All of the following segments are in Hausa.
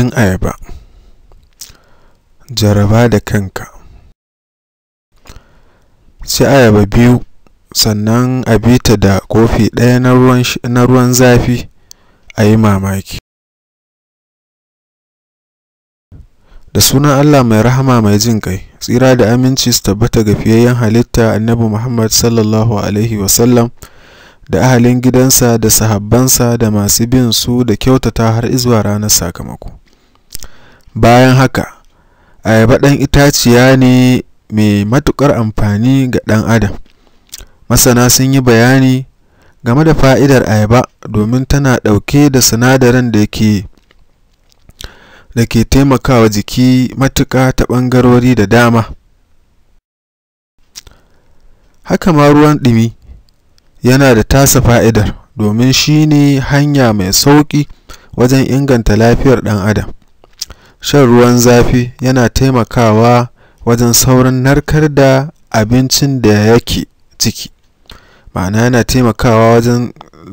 amfanin ayaba jaraba da kanka ci ayaba biyu sannan a bita da kofi ɗaya na ruwan zafi a yi mamaki da sunan allah mai rahama mai jin kai tsira da aminci su tabbata ga fiyayyen halitta annabi muhammad sallallahu alaihi wasallam da ahalin gidansa da sahabbansa da masu bin su da kyautata har izuwa ranar sakamako Bayan haka, ayaba ɗan itaciya ne mai matuƙar amfani ga ɗan adam, masana sun yi bayani game da fa'idar ayaba domin tana ɗauke da sinadaran da ke da ke taimakawa jiki matuƙa ta ɓangarori da dama. Haka ma ruwan ɗumi yana da tasa fa'idar domin shi ne hanya mai sauƙi wajen inganta lafiyar ɗan adam. Shan ruwan zafi yana taimakawa wajen saurin narkar da abincin da yake ciki, ma'ana yana taimakawa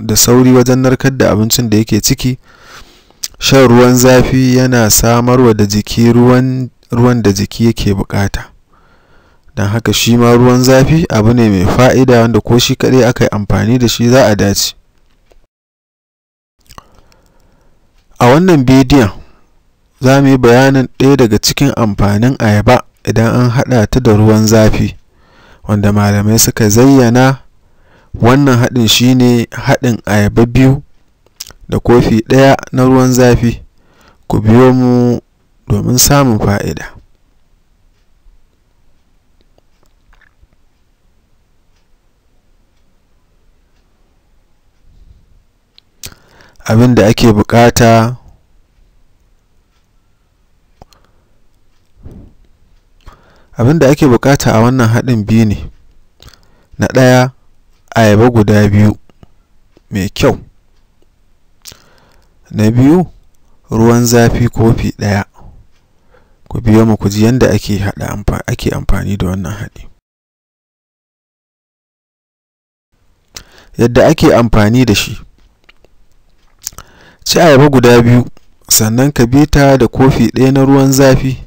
da sauri wajen narkar da abincin da yake ciki. Shan ruwan zafi yana samarwa da jiki ruwan da jiki yake bukata don haka shi ma ruwan zafi abu ne mai fa'ida wanda ko shi kaɗai aka yi amfani da shi za a dace. A wannan bidiyon Za mu yi bayanin ɗaya daga cikin amfanin ayaba idan an haɗa ta da ruwan zafi, wanda malamai suka zayyana wannan haɗin shi ne haɗin ayaba biyu da kofi ɗaya na ruwan zafi, ku biyo mu domin samun fa'ida. Abin da ake buƙata Abin da ake bukata a wannan haɗin biyu ne: na ɗaya ayaba guda biyu mai kyau, na biyu ruwan zafi kofi ɗaya. Ku biyo mu ku ji yadda ake amfani da wannan haɗi. Yadda ake amfani da shi: Ci ayaba guda biyu, sannan ka bi ta da kofi ɗaya na ruwan zafi.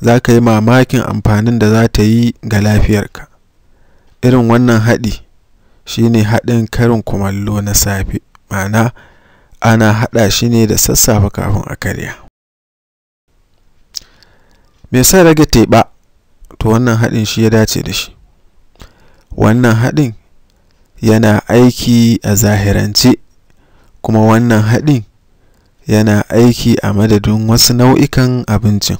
za ka yi mamakin amfanin da za ta yi ga lafiyarka. Irin wannan haɗi shi ne haɗin karin kumallo na safe, ma'ana ana haɗa shi ne da sassafe kafin a karya. Me sa rage teɓa? To wannan haɗin shi ya dace da shi. Wannan haɗin yana aiki a zahirance, kuma wannan haɗin yana aiki a madadin wasu nau'ikan abincin.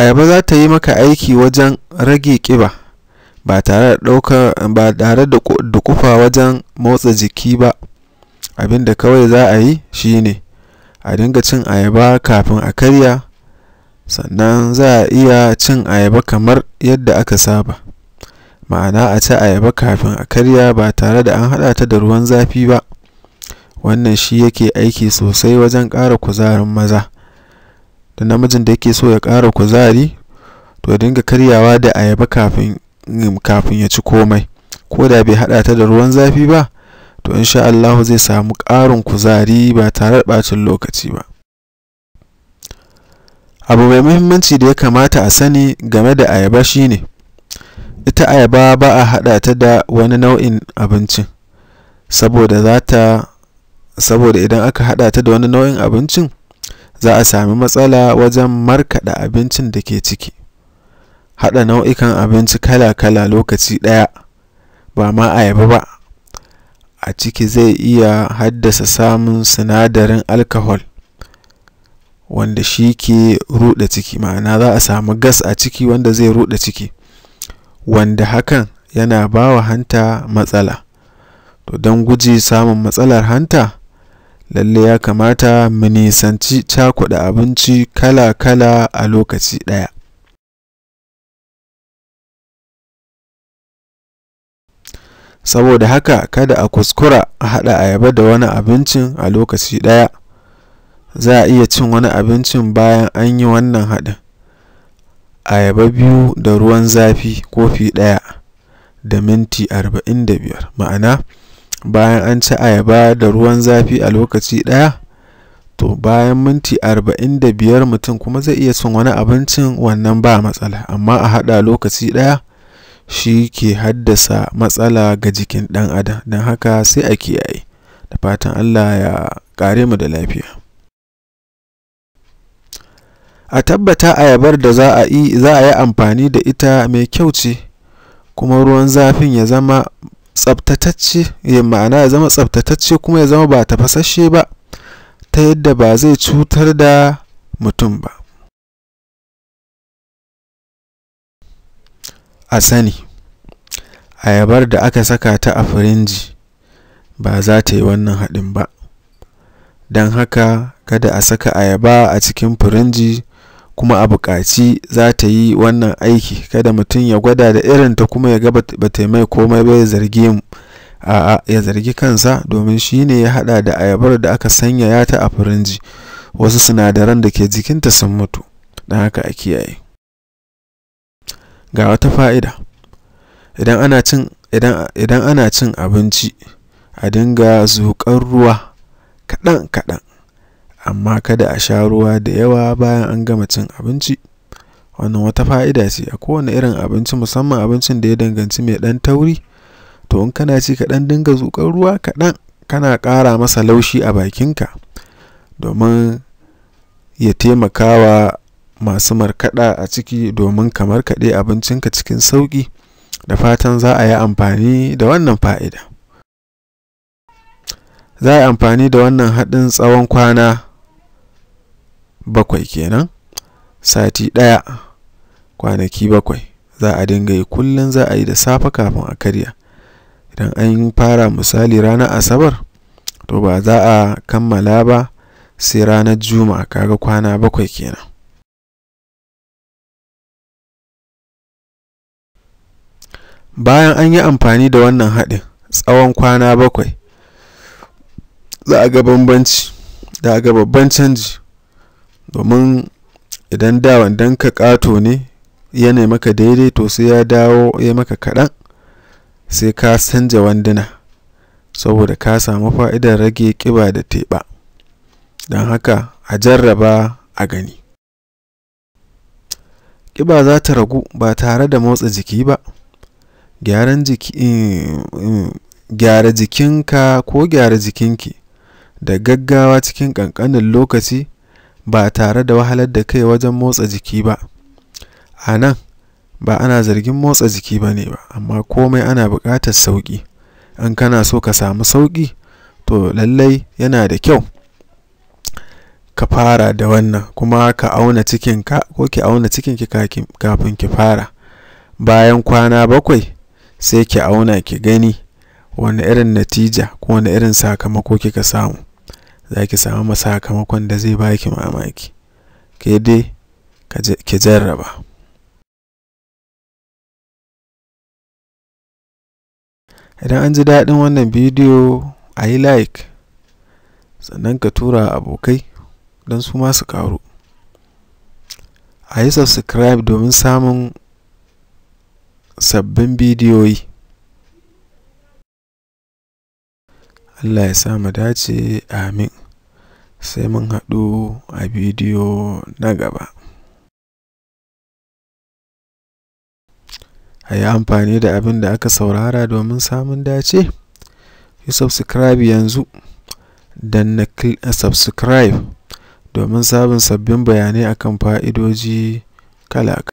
Ayaba za ta yi maka aiki wajen rage ƙiba ba tare da duƙufa wajen motsa jiki ba, abin da kawai za a yi shi ne a dinga cin ayaba kafin a karya, sannan za a iya cin ayaba kamar yadda aka saba, ma'ana a ci ayaba kafin a karya ba tare da an haɗa ta da ruwan zafi ba, wannan shi yake aiki sosai wajen ƙara kuzarin maza. da namijin da yake so ya ƙara kuzari to ya dinga karyawa da ayaba kafin mm, kafin ya ci komai ko da bai haɗa ta da ruwan zafi ba to insha Allahu zai samu ƙarin kuzari ba tare da ɓacin lokaci ba abu mai muhimmanci da ya kamata a sani game da ayaba shine ita ayaba ba a haɗa ta da wani nau'in abincin saboda za ta saboda idan aka haɗa ta da wani nau'in abincin za a sami matsala wajen markaɗa abincin da ke ciki. Haɗa nau'ikan abinci kala-kala lokaci ɗaya (ba ma ayaba ba) a ciki zai iya haddasa samun sinadarin alkahol wanda shi ke ruɗa ciki, ma'ana za a sami gas a ciki wanda zai ruɗa ciki, wanda hakan yana ba wa hanta matsala. To don guji samun matsalar hanta, lalle ya kamata mu nisanci cakuɗa abinci kala-kala a lokaci ɗaya. Saboda haka kada a kuskura a haɗa ayaba da wani abincin a lokaci ɗaya, za a iya cin wani abincin bayan an yi wannan haɗin. Ayaba biyu da ruwan zafi kofi ɗaya da minti arba'in da biyar, ma'ana bayan an ci ayaba da ruwan zafi a lokaci ɗaya to bayan minti arba'in da biyar mutum kuma zai iya cin wani abincin wannan ba matsala amma a haɗa lokaci ɗaya shi ke haddasa matsala ga jikin ɗan adam don haka sai a kiyaye da fatan allah ya kare mu da lafiya a tabbata ayabar da za a yi amfani da ita mai kyau ce kuma ruwan zafin ya zama tsabtatacce ya ma'ana ya zama tsabtatacce kuma ya zama ba tafasasshe ba ta yadda ba zai cutar da mutum ba a sani ayabar da aka saka ta a firinji ba za ta yi wannan haɗin ba don haka kada a saka ayaba a cikin firinji kuma a buƙaci za ta yi wannan aiki, kada mutum ya gwada da irinta kuma ya ga ba ta mai komai ba ya zargi zargi kansa domin shi ne ya haɗa da ayabar da aka sanya ya ta a firinji, wasu sinadaran da ke jikinta sun mutu, don haka a kiyaye. Ga wata fa'ida, idan ana cin idan ana cin abinci a dinga zuƙar ruwa kaɗan-kaɗan amma kada a sha ruwa da yawa bayan an gama cin abinci. Wannan wata fa'ida ce a kowane irin abinci musamman abincin da ya danganci mai ɗan tauri, to in kana ci ka ɗan dinga zuƙar ruwa kaɗan kana ƙara masa laushi a bakinka domin ya wa masu markaɗa a ciki domin ka markaɗe ka cikin sauƙi. Da fatan za a yi amfani da wannan fa'ida. Za a yi amfani da wannan haɗin tsawon kwana bakwai kenan sati ɗaya kwanaki bakwai za a dinga yi kullum za a yi da safe kafin a karya idan an fara misali ranar asabar to ba za a kammala ba sai ranar juma'a kaga kwana bakwai kenan bayan an yi amfani da wannan haɗin tsawon kwana bakwai za a ga bambanci da ga babban canji domin idan da wandon ka kato ne yana maka daidai to sai ya dawo ya maka kaɗan sai ka canja wanduna saboda ka samu fa'idar rage ƙiba da teɓa don haka a jarraba a gani ƙiba za ta ragu ba tare da motsa jiki ba gyaran gyara jikinka ko gyara jikinki da gaggawa cikin ƙanƙanin lokaci ba tare da wahalar da kai wajen motsa jiki ba. A nan, ba ana zargin motsa jiki ba ne ba, amma komai ana buƙatar sauƙi. In kana so ka samu sauƙi, to lallai yana da kyau ka fara da wannan kuma ka auna cikinka ko ki auna cikinki kafin ki fara. Bayan kwana bakwai, sai ki auna ki gani wani irin natija ko wani irin sakamako kika samu. za ki samu sakamakon da zai baki mamaki ke dai ki jarraba idan an ji daɗin wannan bidiyo a yi like sannan ka tura abokai don su masu ƙaru a yi subscribe domin samun sabbin bidiyoyi Allah ya sa mu dace amin sai mun haɗu a bidiyo na gaba a yi amfani da abin da aka saurara domin samun dace yi subscribe yanzu dan na eh, subscribe domin sabon sabbin bayanai akan fa'idoji kala